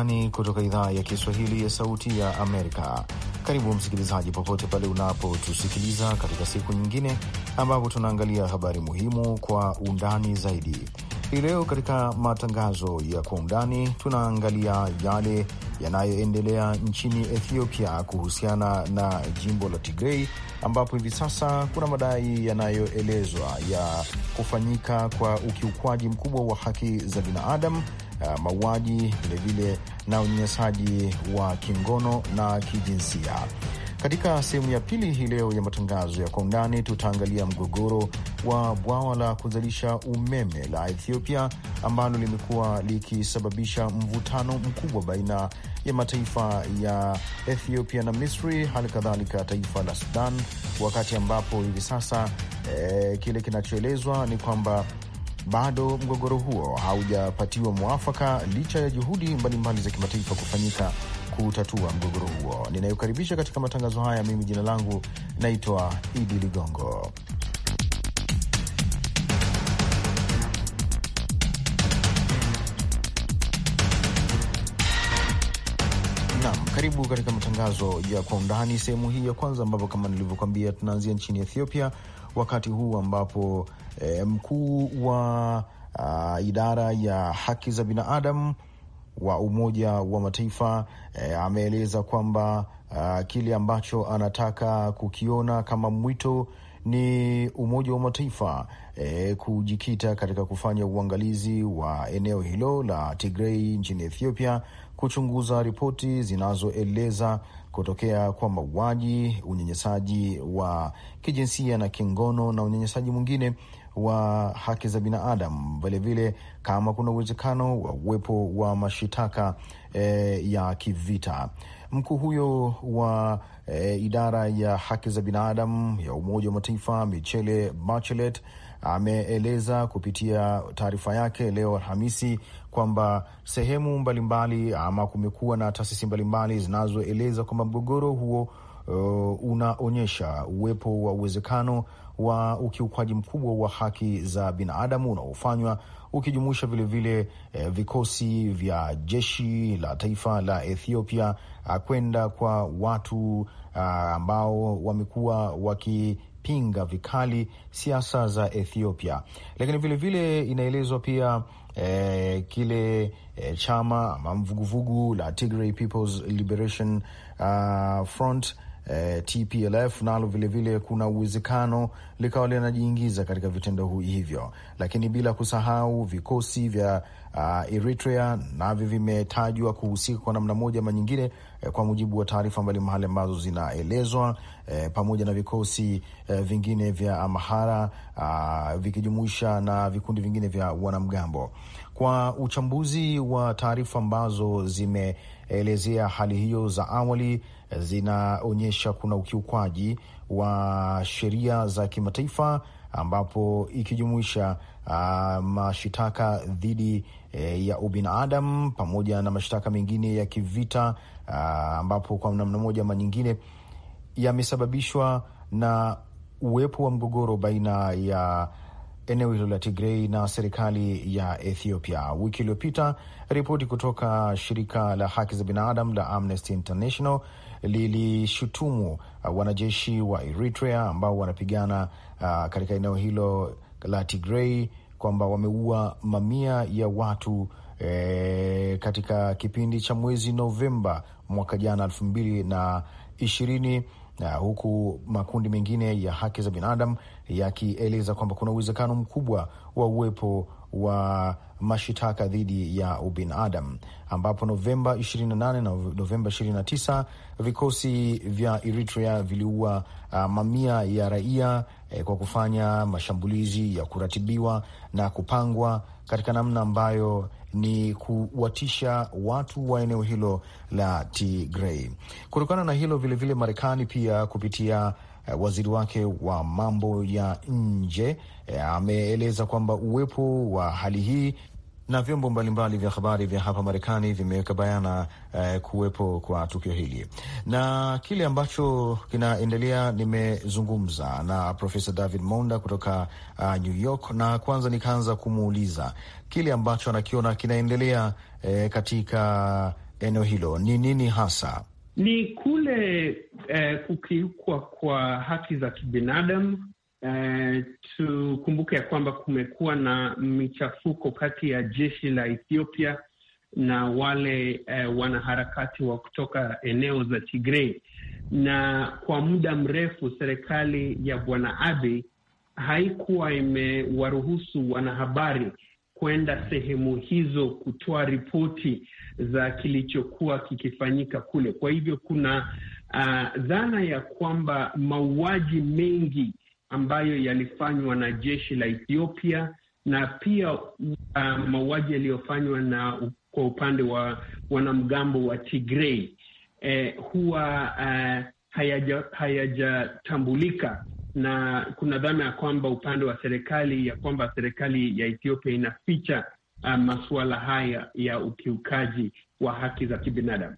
Undani kutoka idhaa ya Kiswahili ya Sauti ya Amerika. Karibu msikilizaji, popote pale unapotusikiliza katika siku nyingine ambapo tunaangalia habari muhimu kwa undani zaidi. Hii leo katika matangazo ya kwa undani tunaangalia yale yanayoendelea nchini Ethiopia kuhusiana na jimbo la tigrei ambapo hivi sasa kuna madai yanayoelezwa ya kufanyika kwa ukiukwaji mkubwa wa haki za binadamu uh, mauaji, vilevile na unyanyasaji wa kingono na kijinsia. Katika sehemu ya pili hii leo ya matangazo ya kwa undani, tutaangalia mgogoro wa bwawa la kuzalisha umeme la Ethiopia ambalo limekuwa likisababisha mvutano mkubwa baina ya mataifa ya Ethiopia na Misri, hali kadhalika taifa la Sudan, wakati ambapo hivi sasa eh, kile kinachoelezwa ni kwamba bado mgogoro huo haujapatiwa mwafaka licha ya juhudi mbalimbali za kimataifa kufanyika kutatua mgogoro huo. Ninayokaribisha katika matangazo haya, mimi jina langu naitwa Idi Ligongo. karibu katika matangazo ya kwa undani sehemu hii ya kwanza, ambapo kama nilivyokuambia tunaanzia nchini Ethiopia wakati huu ambapo e, mkuu wa a, idara ya haki za binadamu wa Umoja wa Mataifa e, ameeleza kwamba kile ambacho anataka kukiona kama mwito ni Umoja wa Mataifa e, kujikita katika kufanya uangalizi wa eneo hilo la Tigrei nchini Ethiopia, kuchunguza ripoti zinazoeleza kutokea kwa mauaji, unyanyasaji wa kijinsia na kingono na unyanyasaji mwingine wa haki za binadamu, vilevile kama kuna uwezekano wa uwepo wa mashitaka e, ya kivita. Mkuu huyo wa e, idara ya haki za binadamu ya Umoja wa Mataifa Michele Bachelet ameeleza kupitia taarifa yake leo Alhamisi kwamba sehemu mbalimbali mbali, ama kumekuwa na taasisi mbalimbali zinazoeleza kwamba mgogoro huo uh, unaonyesha uwepo wa uwezekano wa ukiukwaji mkubwa wa haki za binadamu unaofanywa ukijumuisha vilevile eh, vikosi vya jeshi la taifa la Ethiopia uh, kwenda kwa watu eh, ambao wamekuwa waki pinga vikali siasa za Ethiopia, lakini vilevile inaelezwa pia eh, kile eh, chama ama mvuguvugu la Tigray People's Liberation uh, Front eh, TPLF nalo vilevile kuna uwezekano likawa linajiingiza katika vitendo hivyo, lakini bila kusahau vikosi vya uh, Eritrea navyo vimetajwa kuhusika kwa namna moja ama nyingine, eh, kwa mujibu wa taarifa mbalimbali ambazo zinaelezwa eh, pamoja na vikosi eh, vingine vya Amhara uh, vikijumuisha na vikundi vingine vya wanamgambo. Kwa uchambuzi wa taarifa ambazo zimeelezea hali hiyo za awali zinaonyesha kuna ukiukwaji wa sheria za kimataifa ambapo ikijumuisha uh, mashitaka dhidi eh, ya ubinadamu pamoja na mashtaka mengine ya kivita uh, ambapo kwa namna moja ama nyingine yamesababishwa na uwepo wa mgogoro baina ya eneo hilo la Tigrei na serikali ya Ethiopia. Wiki iliyopita, ripoti kutoka shirika la haki za binadamu la Amnesty International lilishutumu uh, wanajeshi wa Eritrea ambao wanapigana uh, katika eneo hilo la Tigrei kwamba wameua mamia ya watu e, katika kipindi cha mwezi Novemba mwaka jana elfu mbili na ishirini huku makundi mengine ya haki za binadamu yakieleza kwamba kuna uwezekano mkubwa wa uwepo wa mashitaka dhidi ya ubinadam ambapo Novemba 28 na Novemba 29 vikosi vya Eritrea viliua uh, mamia ya raia eh, kwa kufanya mashambulizi ya kuratibiwa na kupangwa katika namna ambayo ni kuwatisha watu wa eneo hilo la Tigrei. Kutokana na hilo, vilevile Marekani pia kupitia eh, waziri wake wa mambo ya nje eh, ameeleza kwamba uwepo wa hali hii na vyombo mbalimbali vya habari vya hapa Marekani vimeweka bayana eh, kuwepo kwa tukio hili na kile ambacho kinaendelea. Nimezungumza na Profesa David Monda kutoka uh, New York, na kwanza nikaanza kumuuliza kile ambacho anakiona kinaendelea eh, katika eneo hilo ni nini hasa ni kule eh, kukiukwa kwa haki za kibinadamu eh, tukumbuke ya kwamba kumekuwa na michafuko kati ya jeshi la Ethiopia na wale eh, wanaharakati wa kutoka eneo za tigrei na kwa muda mrefu serikali ya Bwana Abiy haikuwa imewaruhusu wanahabari kwenda sehemu hizo kutoa ripoti za kilichokuwa kikifanyika kule. Kwa hivyo kuna uh, dhana ya kwamba mauaji mengi ambayo yalifanywa na jeshi la Ethiopia na pia uh, mauaji yaliyofanywa na kwa upande wa wanamgambo wa Tigray eh, huwa uh, hayajatambulika na kuna dhana ya kwamba upande wa serikali ya kwamba serikali ya Ethiopia inaficha uh, masuala haya ya ukiukaji wa haki za kibinadamu.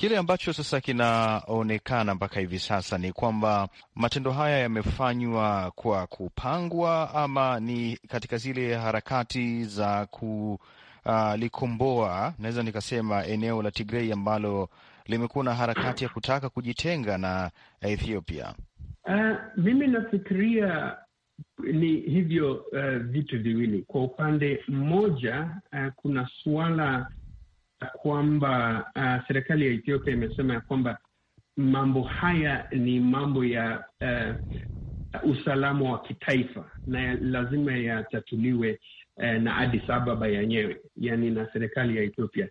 Kile ambacho sasa kinaonekana mpaka hivi sasa ni kwamba matendo haya yamefanywa kwa kupangwa ama ni katika zile harakati za kulikomboa, ah, naweza nikasema, eneo la Tigrei ambalo limekuwa na harakati ya kutaka kujitenga na Ethiopia. Uh, mimi nafikiria ni hivyo uh, vitu viwili. Kwa upande mmoja, uh, kuna suala kwamba uh, serikali ya Ethiopia imesema ya kwamba mambo haya ni mambo ya uh, usalama wa kitaifa na ya, lazima yatatuliwe uh, na Addis Ababa yenyewe, yani na serikali ya Ethiopia.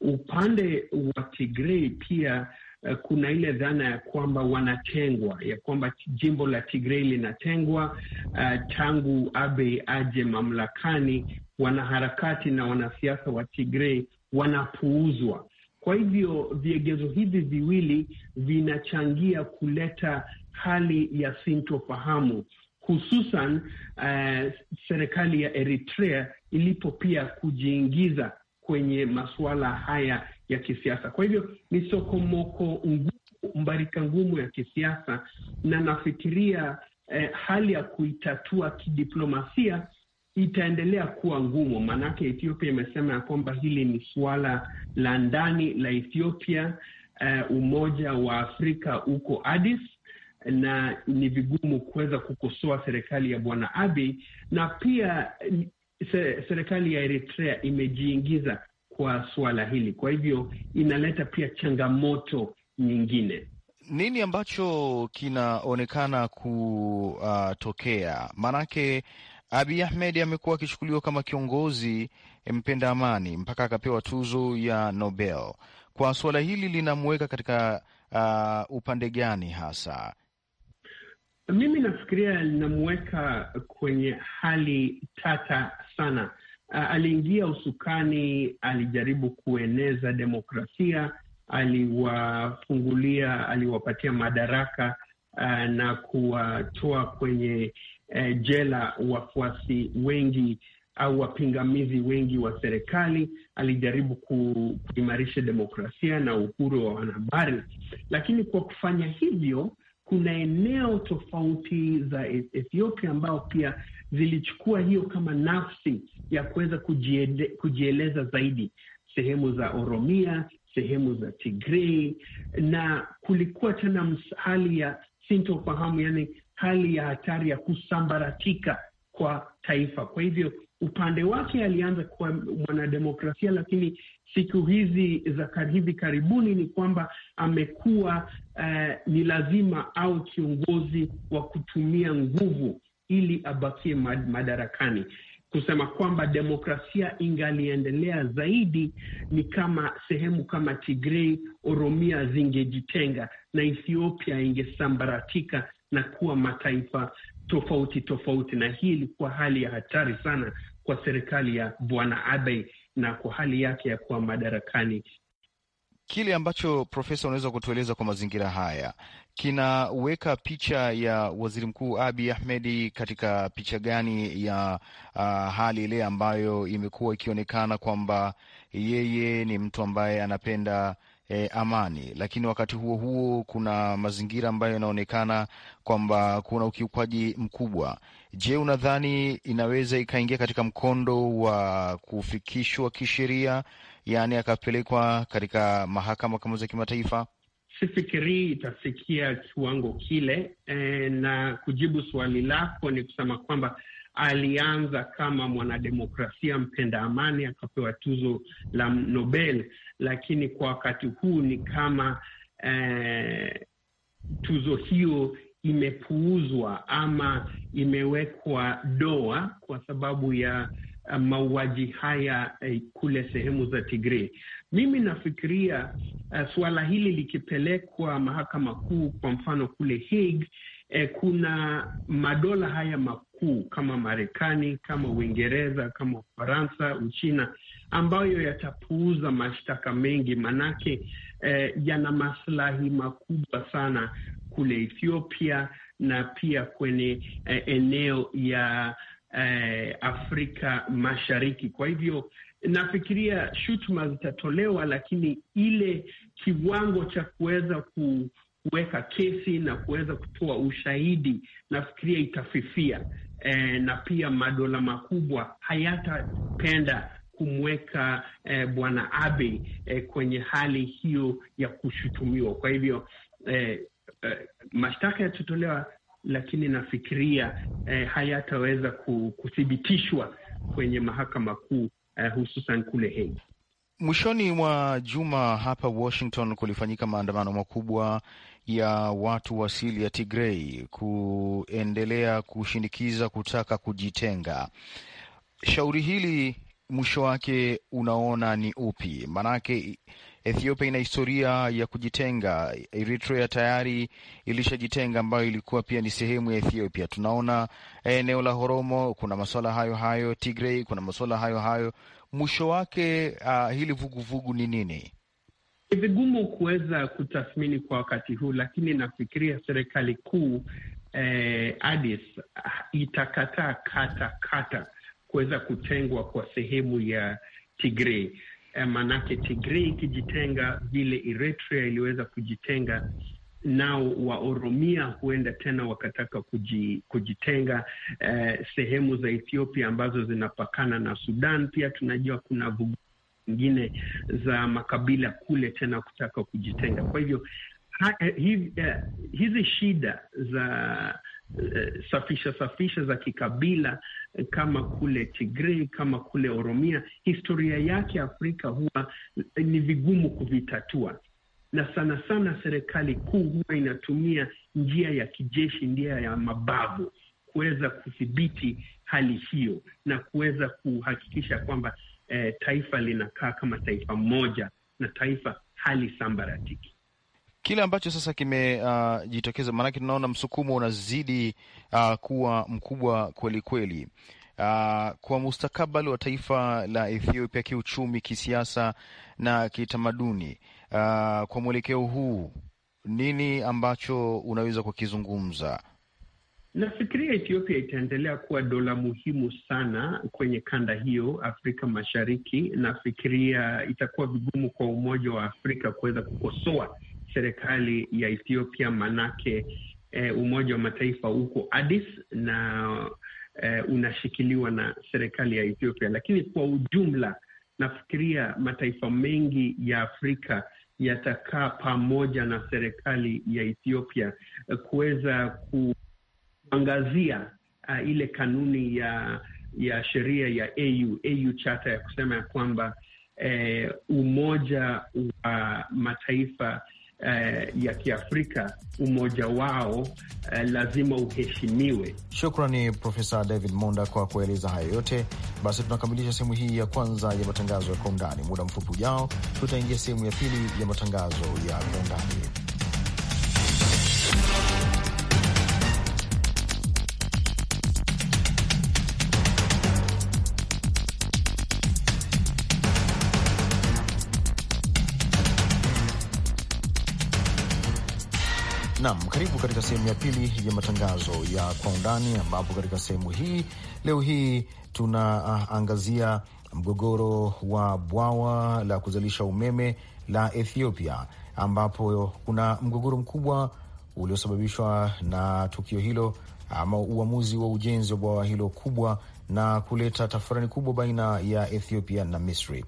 Upande wa Tigrei pia uh, kuna ile dhana ya kwamba wanatengwa, ya kwamba jimbo la Tigrei linatengwa uh, tangu Abe aje mamlakani. Wanaharakati na wanasiasa wa Tigrei wanapuuzwa. Kwa hivyo viegezo hivi viwili vinachangia kuleta hali ya sintofahamu, hususan uh, serikali ya Eritrea ilipo pia kujiingiza kwenye masuala haya ya kisiasa. Kwa hivyo ni sokomoko ngumu, mbarika ngumu ya kisiasa, na nafikiria uh, hali ya kuitatua kidiplomasia itaendelea kuwa ngumu, maanake Ethiopia imesema ya kwamba hili ni suala la ndani la Ethiopia. Uh, Umoja wa Afrika uko Addis na ni vigumu kuweza kukosoa serikali ya Bwana Abiy, na pia se, serikali ya Eritrea imejiingiza kwa suala hili, kwa hivyo inaleta pia changamoto nyingine. Nini ambacho kinaonekana kutokea? Maanake Abiy Ahmed amekuwa akichukuliwa kama kiongozi eh, mpenda amani mpaka akapewa tuzo ya Nobel. Kwa suala hili linamweka katika uh, upande gani hasa? Mimi nafikiria linamweka kwenye hali tata sana. Uh, aliingia usukani, alijaribu kueneza demokrasia, aliwafungulia, aliwapatia madaraka uh, na kuwatoa kwenye eh, jela wafuasi wengi au wapingamizi wengi wa serikali. Alijaribu kuimarisha demokrasia na uhuru wa wanahabari, lakini kwa kufanya hivyo, kuna eneo tofauti za e-, Ethiopia ambao pia zilichukua hiyo kama nafsi ya kuweza kujieleza zaidi, sehemu za Oromia, sehemu za Tigrei, na kulikuwa tena hali ya sintofahamu, yani hali ya hatari ya kusambaratika kwa taifa. Kwa hivyo upande wake alianza kuwa mwanademokrasia, lakini siku hizi za hivi karibuni ni kwamba amekuwa uh, ni lazima au kiongozi wa kutumia nguvu ili abakie madarakani. Kusema kwamba demokrasia ingaliendelea zaidi ni kama sehemu kama Tigrei, Oromia zingejitenga na Ethiopia ingesambaratika na kuwa mataifa tofauti tofauti, na hii ilikuwa hali ya hatari sana kwa serikali ya Bwana Abe na kwa hali yake ya kuwa madarakani. Kile ambacho profesa, unaweza kutueleza kwa mazingira haya kinaweka picha ya waziri mkuu Abi Ahmedi katika picha gani ya uh, hali ile ambayo imekuwa ikionekana kwamba yeye ni mtu ambaye anapenda e, amani, lakini wakati huo huo kuna mazingira ambayo yanaonekana kwamba kuna ukiukwaji mkubwa. Je, unadhani inaweza ikaingia katika mkondo wa kufikishwa kisheria, yaani akapelekwa katika mahakama kama za kimataifa? Sifikirii itafikia kiwango kile. E, na kujibu swali lako ni kusema kwamba alianza kama mwanademokrasia mpenda amani, akapewa tuzo la Nobel, lakini kwa wakati huu ni kama eh, tuzo hiyo imepuuzwa ama imewekwa doa kwa sababu ya eh, mauaji haya eh, kule sehemu za Tigray. Mimi nafikiria eh, suala hili likipelekwa mahakama kuu, kwa mfano kule Hague, eh, kuna madola haya makuu kama Marekani, kama Uingereza, kama Ufaransa, Uchina ambayo yatapuuza mashtaka mengi, manake eh, yana maslahi makubwa sana kule Ethiopia na pia kwenye eh, eneo ya eh, Afrika Mashariki. Kwa hivyo nafikiria shutuma zitatolewa, lakini ile kiwango cha kuweza ku kuweka kesi na kuweza kutoa ushahidi nafikiria itafifia. E, na pia madola makubwa hayatapenda kumweka eh, bwana Abe eh, kwenye hali hiyo ya kushutumiwa. Kwa hivyo eh, eh, mashtaka yatatolewa, lakini nafikiria eh, hayataweza kuthibitishwa kwenye mahakama kuu eh, hususan kule Hague. Mwishoni mwa juma hapa Washington kulifanyika maandamano makubwa ya watu wa asili ya Tigrei kuendelea kushinikiza kutaka kujitenga. Shauri hili mwisho wake unaona ni upi? Maanake Ethiopia ina historia ya kujitenga. Eritrea tayari ilishajitenga, ambayo ilikuwa pia ni sehemu ya Ethiopia. Tunaona eh, eneo la Horomo kuna masuala hayo hayo, Tigray kuna masuala hayo hayo. Mwisho wake uh, hili vuguvugu ni nini? Ni vigumu kuweza kutathmini kwa wakati huu, lakini nafikiria serikali kuu eh, Addis ah, itakataa kata kata kuweza kutengwa kwa sehemu ya Tigray. Eh, Maanake tigrei ikijitenga vile Eritrea iliweza kujitenga, nao wa Oromia huenda tena wakataka kujitenga. Eh, sehemu za Ethiopia ambazo zinapakana na Sudan pia tunajua kuna vugu nyingine za makabila kule tena kutaka kujitenga. Kwa hivyo ha, eh, hi, eh, hizi shida za eh, safisha safisha za kikabila kama kule Tigray, kama kule Oromia, historia yake Afrika huwa ni vigumu kuvitatua, na sana sana serikali kuu huwa inatumia njia ya kijeshi, njia ya mabavu kuweza kudhibiti hali hiyo na kuweza kuhakikisha kwamba eh, taifa linakaa kama taifa moja na taifa hali sambaratiki kile ambacho sasa kimejitokeza uh, maanake tunaona msukumo unazidi uh, kuwa mkubwa kwelikweli Uh, kwa mustakabali wa taifa la Ethiopia kiuchumi, kisiasa na kitamaduni. Uh, kwa mwelekeo huu nini ambacho unaweza kukizungumza? Nafikiria Ethiopia itaendelea kuwa dola muhimu sana kwenye kanda hiyo Afrika Mashariki. Nafikiria itakuwa vigumu kwa Umoja wa Afrika kuweza kukosoa serikali ya Ethiopia, manake eh, Umoja wa Mataifa uko Addis na eh, unashikiliwa na serikali ya Ethiopia, lakini kwa ujumla nafikiria mataifa mengi ya Afrika yatakaa pamoja na serikali ya Ethiopia eh, kuweza kuangazia uh, ile kanuni ya ya sheria ya AU AU chata ya kusema ya kwamba eh, Umoja wa Mataifa eh, ya Kiafrika, umoja wao eh, lazima uheshimiwe. Shukrani Profesa David Monda kwa kueleza hayo yote. Basi tunakamilisha sehemu hii ya kwanza ya matangazo ya kwa undani. Muda mfupi ujao, tutaingia sehemu ya pili ya matangazo ya kwa undani. Nam, karibu katika sehemu ya pili ya matangazo ya kwa undani, ambapo katika sehemu hii leo hii tunaangazia mgogoro wa bwawa la kuzalisha umeme la Ethiopia, ambapo kuna mgogoro mkubwa uliosababishwa na tukio hilo ama uamuzi wa ujenzi wa bwawa hilo kubwa na kuleta tafurani kubwa baina ya Ethiopia na Misri.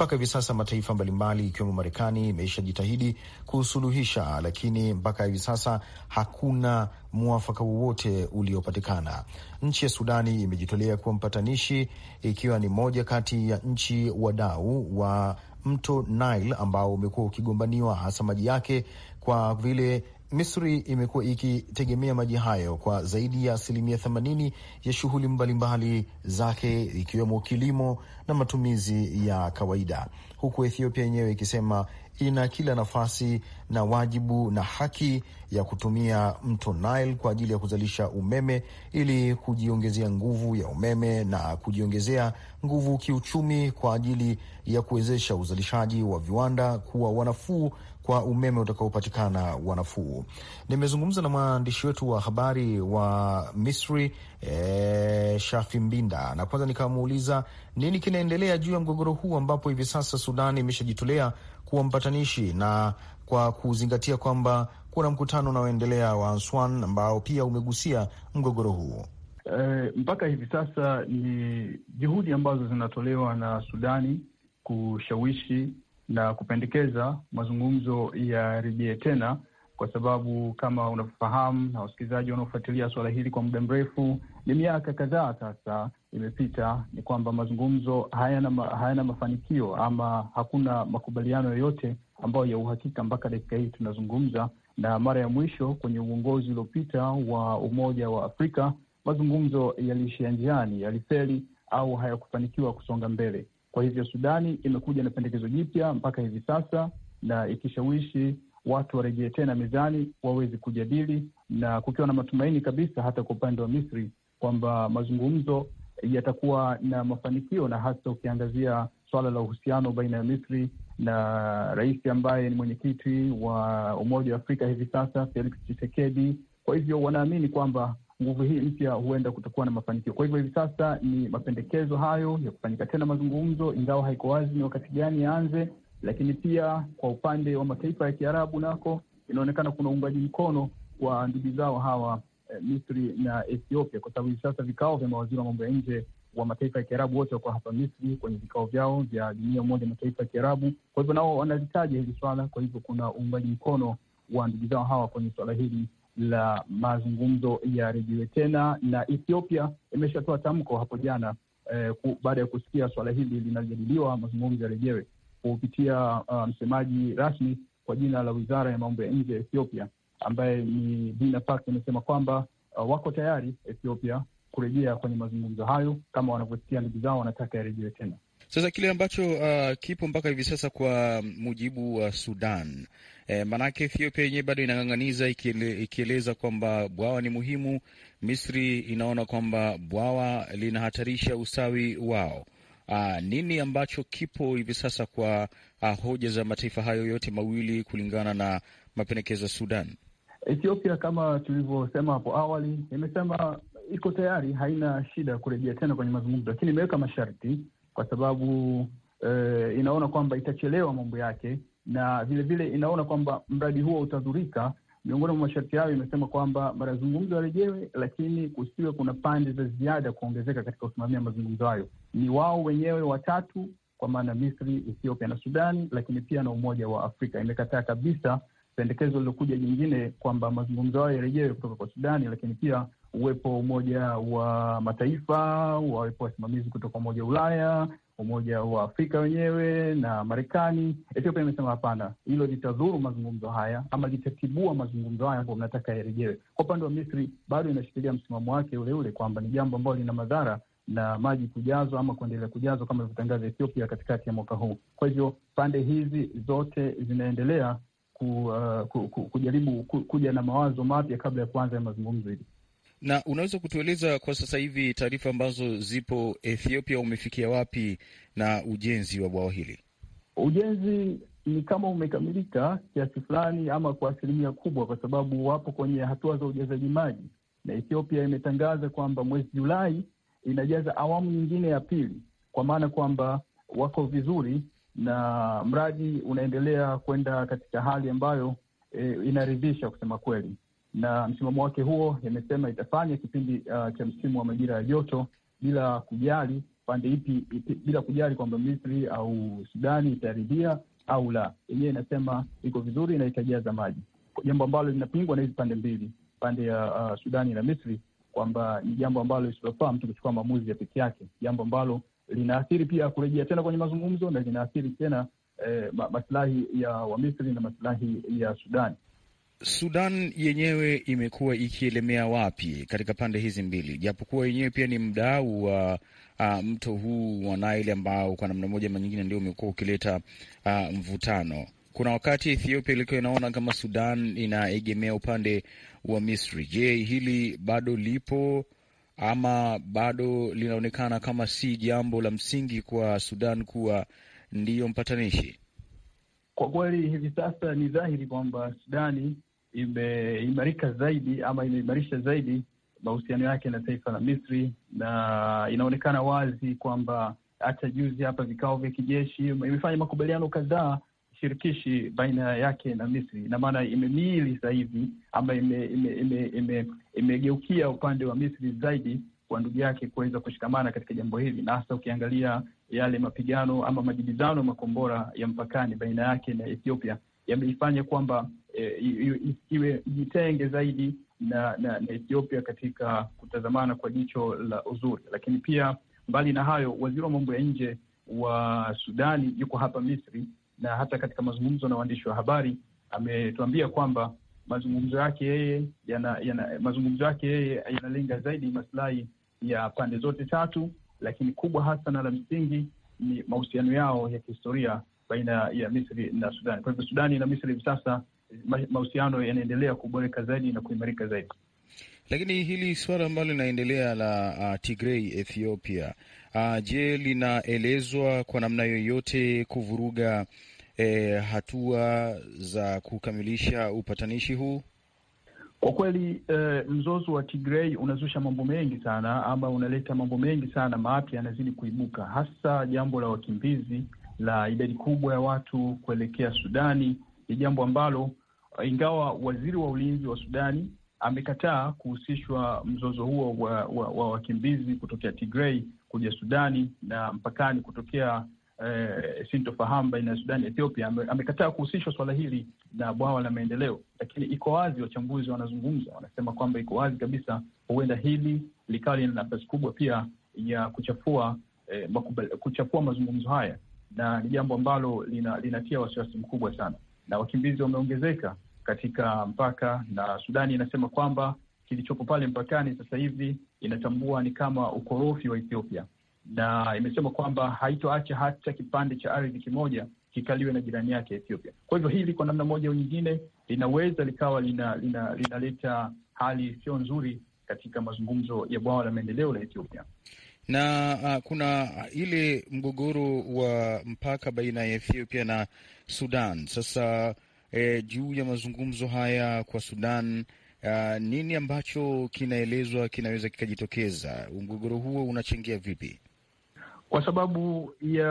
Mpaka hivi sasa mataifa mbalimbali ikiwemo Marekani imeisha jitahidi kusuluhisha, lakini mpaka hivi sasa hakuna mwafaka wowote uliopatikana. Nchi ya Sudani imejitolea kuwa mpatanishi, ikiwa ni moja kati ya nchi wadau wa mto Nile ambao umekuwa ukigombaniwa hasa maji yake kwa vile Misri imekuwa ikitegemea maji hayo kwa zaidi ya asilimia 80 ya shughuli mbalimbali zake ikiwemo kilimo na matumizi ya kawaida, huku Ethiopia yenyewe ikisema ina kila nafasi na wajibu na haki ya kutumia mto Nile kwa ajili ya kuzalisha umeme ili kujiongezea nguvu ya umeme na kujiongezea nguvu kiuchumi kwa ajili ya kuwezesha uzalishaji wa viwanda kuwa wanafuu kwa umeme utakaopatikana wa nafuu. Nimezungumza na mwandishi wetu wa habari wa Misri e, Shafi Mbinda, na kwanza nikamuuliza nini kinaendelea juu ya mgogoro huu ambapo hivi sasa Sudan imeshajitolea kuwa mpatanishi na kwa kuzingatia kwamba kuna mkutano unaoendelea wa answan ambao pia umegusia mgogoro huu. E, mpaka hivi sasa ni juhudi ambazo zinatolewa na Sudani kushawishi na kupendekeza mazungumzo yarejee tena, kwa sababu kama unavyofahamu na wasikilizaji wanaofuatilia suala hili kwa muda mrefu, ni miaka kadhaa sasa imepita, ni kwamba mazungumzo hayana ma, hayana mafanikio ama hakuna makubaliano yoyote ambayo ya uhakika mpaka dakika hii tunazungumza. Na mara ya mwisho kwenye uongozi uliopita wa Umoja wa Afrika mazungumzo yaliishia njiani, yalifeli au hayakufanikiwa kusonga mbele. Kwa hivyo Sudani imekuja na pendekezo jipya mpaka hivi sasa, na ikishawishi watu warejee tena mezani waweze kujadili, na kukiwa na matumaini kabisa hata kwa upande wa Misri kwamba mazungumzo yatakuwa na mafanikio, na hasa ukiangazia swala la uhusiano baina ya Misri na rais ambaye ni mwenyekiti wa Umoja wa Afrika hivi sasa Felix Tshisekedi. Kwa hivyo wanaamini kwamba nguvu hii mpya huenda kutakuwa na mafanikio. Kwa hivyo hivi sasa ni mapendekezo hayo ya kufanyika tena mazungumzo, ingawa haiko wazi ni wakati gani yaanze, lakini pia kwa upande wa mataifa ya Kiarabu nako inaonekana kuna uungaji mkono wa ndugu zao hawa eh, Misri na Ethiopia, kwa sababu hivi sasa vikao vya mawaziri wa mambo ya nje wa mataifa ya Kiarabu wote wako hapa Misri kwenye vikao vyao vya jumuiya Umoja Mataifa ya Kiarabu. Kwa hivyo nao wanalitaja hili swala, kwa hivyo kuna uungaji mkono wa ndugu zao hawa kwenye swala hili la mazungumzo ya rejewe tena, na Ethiopia imeshatoa tamko hapo jana eh, baada ya kusikia swala hili linajadiliwa, mazungumzo ya rejewe kupitia uh, msemaji rasmi kwa jina la wizara ya mambo ya nje ya Ethiopia ambaye ni Dina Pak amesema kwamba uh, wako tayari Ethiopia kurejea kwenye mazungumzo hayo kama wanavyosikia ndugu zao wanataka yarejewe tena. Sasa kile ambacho uh, kipo mpaka hivi sasa kwa mujibu wa Sudan e, manake Ethiopia yenyewe bado inang'ang'aniza ikiele, ikieleza kwamba bwawa ni muhimu. Misri inaona kwamba bwawa linahatarisha ustawi wao. Uh, nini ambacho kipo hivi sasa kwa uh, hoja za mataifa hayo yote mawili kulingana na mapendekezo ya Sudan? Ethiopia kama tulivyosema hapo awali, imesema iko tayari, haina shida kurejea tena kwenye mazungumzo, lakini imeweka masharti kwa sababu e, inaona kwamba itachelewa mambo yake na vilevile vile inaona kwamba mradi huo utadhurika. Miongoni mwa masharti hayo imesema kwamba mazungumzo yarejewe, lakini kusiwe kuna pande za ziada kuongezeka katika kusimamia mazungumzo hayo. Ni wao wenyewe watatu, kwa maana Misri, Ethiopia na Sudani, lakini pia na Umoja wa Afrika. Imekataa kabisa pendekezo lilokuja jingine kwamba mazungumzo hayo yarejewe kutoka kwa Sudani, lakini pia uwepo Umoja wa Mataifa, wawepo wasimamizi kutoka Umoja wa Ulaya, Umoja wa Afrika wenyewe na Marekani. Ethiopia imesema hapana, hilo litadhuru mazungumzo haya ama litatibua mazungumzo haya ambayo mnataka yarejewe. Kwa upande wa Misri, bado inashikilia msimamo wake uleule kwamba ni jambo ambalo lina madhara na maji kujazwa ama kuendelea kujazwa kama ilivyotangaza Ethiopia katikati ya mwaka huu. Kwa hivyo pande hizi zote zinaendelea ku, uh, ku, ku, kujaribu ku, kuja na mawazo mapya kabla ya kuanza ya mazungumzo hili. Na unaweza kutueleza kwa sasa hivi taarifa ambazo zipo Ethiopia, umefikia wapi na ujenzi wa bwawa hili? Ujenzi ni kama umekamilika kiasi fulani ama kwa asilimia kubwa, kwa sababu wapo kwenye hatua za ujazaji maji, na Ethiopia imetangaza kwamba mwezi Julai inajaza awamu nyingine ya pili, kwa maana kwamba wako vizuri na mradi unaendelea kwenda katika hali ambayo e, inaridhisha kusema kweli na msimamo wake huo, yamesema itafanya kipindi uh, cha msimu wa majira ya joto bila kujali pande ipi, ipi bila kujali kwamba Misri au Sudani itaridhia au la. Yenyewe inasema iko vizuri na itajaza maji, jambo ambalo linapingwa na hizi pande mbili, pande ya uh, Sudani na Misri, kwamba ni jambo ambalo lisilofaa mtu kuchukua maamuzi ya peke yake, jambo ambalo linaathiri pia kurejea tena kwenye mazungumzo na linaathiri tena eh, maslahi ya Wamisri na maslahi ya Sudani. Sudan yenyewe imekuwa ikielemea wapi katika pande hizi mbili, japokuwa yenyewe pia ni mdau wa uh, uh, mto huu wa Nile ambao kwa namna moja ama nyingine ndio umekuwa ukileta uh, mvutano. Kuna wakati Ethiopia ilikuwa inaona kama Sudan inaegemea upande wa Misri. Je, hili bado lipo ama bado linaonekana kama si jambo la msingi kwa Sudan kuwa ndiyo mpatanishi? Kwa kweli hivi sasa ni dhahiri kwamba Sudani imeimarika zaidi ama imeimarisha zaidi mahusiano yake na taifa la Misri, na inaonekana wazi kwamba hata juzi hapa vikao vya kijeshi imefanya makubaliano kadhaa shirikishi baina yake na Misri. Ina maana imemiili sasa hivi ama imegeukia ime, ime, ime, ime upande wa Misri zaidi kwa ndugu yake kuweza kushikamana katika jambo hili, na hasa ukiangalia yale mapigano ama majibizano makombora ya mpakani baina yake na Ethiopia yameifanya kwamba e, iwe jitenge zaidi na, na, na Ethiopia katika kutazamana kwa jicho la uzuri. Lakini pia mbali na hayo, waziri wa mambo ya nje wa Sudani yuko hapa Misri, na hata katika mazungumzo na waandishi wa habari ametuambia kwamba mazungumzo yake yeye yana, yana, mazungumzo yake yeye yanalenga zaidi masilahi ya pande zote tatu, lakini kubwa hasa na la msingi ni mahusiano yao ya kihistoria baina ya Misri na Sudani. Kwa hivyo Sudani na Misri hivi sasa mahusiano yanaendelea kuboreka zaidi na kuimarika zaidi. Lakini hili suala ambalo linaendelea la uh, Tigray Ethiopia, uh, je, linaelezwa kwa namna yoyote kuvuruga eh, hatua za kukamilisha upatanishi huu? Kwa kweli eh, mzozo wa Tigray unazusha mambo mengi sana, ama unaleta mambo mengi sana mapya yanazidi kuibuka, hasa jambo la wakimbizi la idadi kubwa ya watu kuelekea Sudani ni jambo ambalo ingawa waziri wa ulinzi wa Sudani amekataa kuhusishwa mzozo huo wa, wa, wa wakimbizi kutokea tigrei kuja Sudani na mpakani kutokea eh, sintofahamu baina ya Sudani Ethiopia. Amekataa kuhusishwa swala hili na bwawa la maendeleo, lakini iko wazi, wachambuzi wanazungumza, wanasema kwamba iko wazi kabisa, huenda hili likawa lina nafasi kubwa pia ya kuchafua eh, makubali, kuchafua mazungumzo haya na ni jambo ambalo linatia lina wasiwasi mkubwa sana na wakimbizi wameongezeka katika mpaka, na Sudani inasema kwamba kilichopo pale mpakani sasa hivi inatambua ni kama ukorofi wa Ethiopia, na imesema kwamba haitoacha hata kipande cha ardhi kimoja kikaliwe na jirani yake Ethiopia. Kwa hivyo hili kwa namna moja au nyingine linaweza likawa linaleta lina, lina hali isiyo nzuri katika mazungumzo ya bwawa la maendeleo la Ethiopia na uh, kuna ile mgogoro wa mpaka baina ya Ethiopia na Sudan. Sasa eh, juu ya mazungumzo haya kwa Sudan Uh, nini ambacho kinaelezwa kinaweza kikajitokeza? Mgogoro huo unachangia vipi? Kwa sababu ya,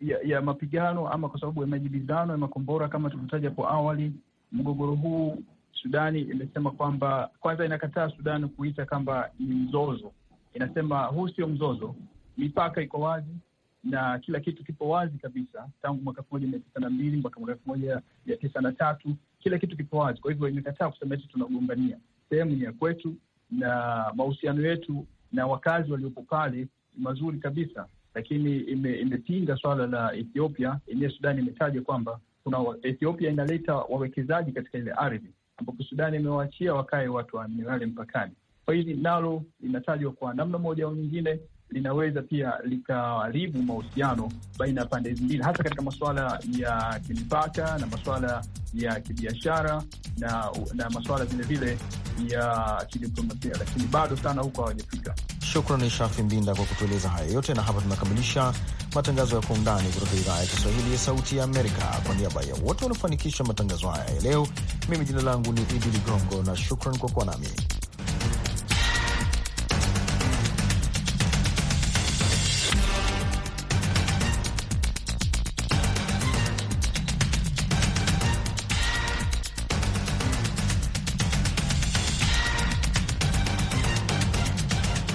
ya ya mapigano ama kwa sababu ya majibizano ya makombora kama tulivyotaja hapo awali, mgogoro huu Sudani imesema kwamba kwanza inakataa Sudani kuita kwamba ni mzozo, inasema huu sio mzozo, mipaka iko wazi na kila kitu kipo wazi kabisa tangu mwaka elfu moja mia tisa na mbili mpaka mwaka elfu moja mia tisa na tatu kila kitu kipo wazi. Kwa hivyo imekataa kusema eti tunagombania, sehemu ni ya kwetu na mahusiano yetu na wakazi waliopo pale mazuri kabisa, lakini imepinga ime swala la Ethiopia yenyewe. Sudani imetaja kwamba kuna Ethiopia inaleta wawekezaji katika ile ardhi, ambapo Sudani imewaachia wakae watu wale mpakani. Kwa hili nalo linatajwa kwa namna moja au nyingine linaweza pia likaharibu mahusiano baina ya pande hizi mbili, hasa katika masuala ya kimipaka na masuala ya kibiashara na, na masuala vilevile ya kidiplomasia, lakini bado sana huko hawajafika. Shukrani Shafi Mbinda kwa kutueleza haya yote, na hapa tunakamilisha matangazo ya Kwa Undani kutoka idhaa ya Kiswahili ya Sauti ya Amerika. Kwa niaba ya wote waliofanikisha matangazo haya ya leo, mimi jina langu ni Idi Ligongo na shukran kwa kuwa nami.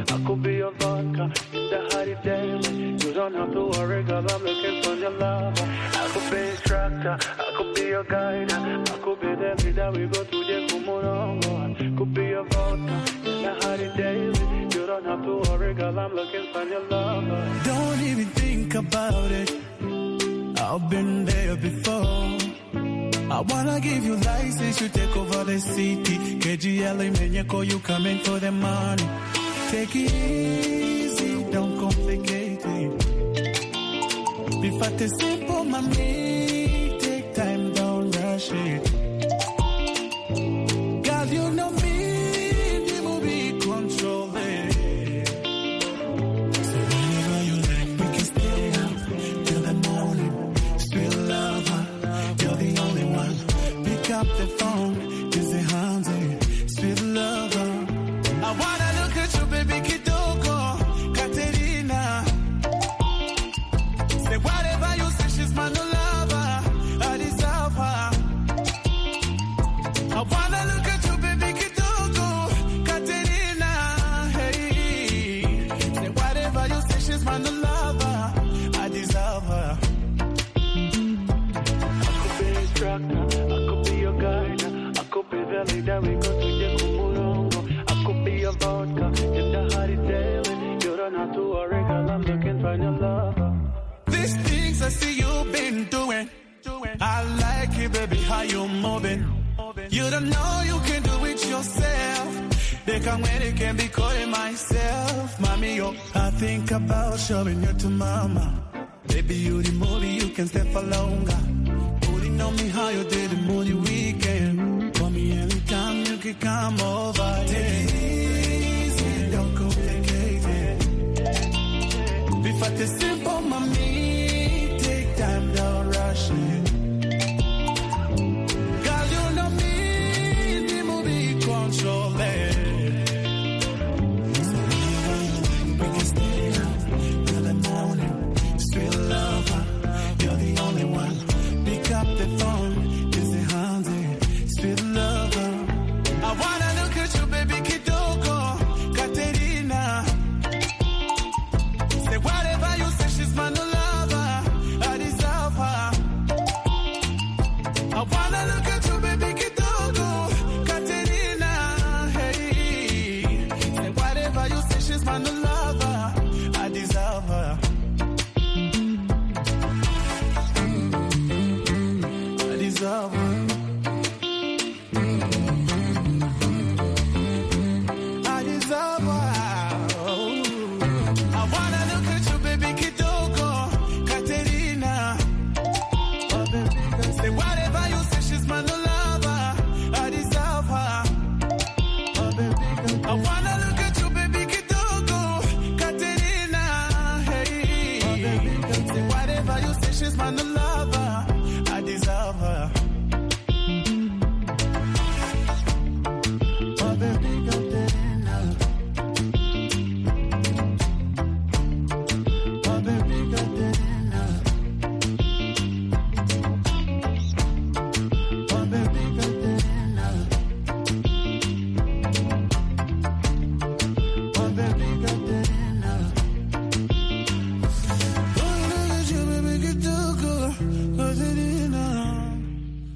I could be your vodka in the hottie daily. You don't have to worry, girl, I'm looking for your love. I could be instructor, I could be your guide. I could be the leader, we go to the Kumurongo. Could be your vodka the hottie daily. You don't have to worry, girl, I'm looking for your love. Don't even think about it. I've been there before. I wanna give you license, to take over the city. KGL, call you coming for the money. Take it easy, don't complicate it. Be fat simple, mommy. Take time, don't rush it. I am looking for your love. These things I see you've been doing. I like it, baby, how you are moving. You don't know you can do it yourself. They come when they can be calling myself. Mommy, yo, I think about showing you to mama. Baby, you the movie, you can stay for longer. this is-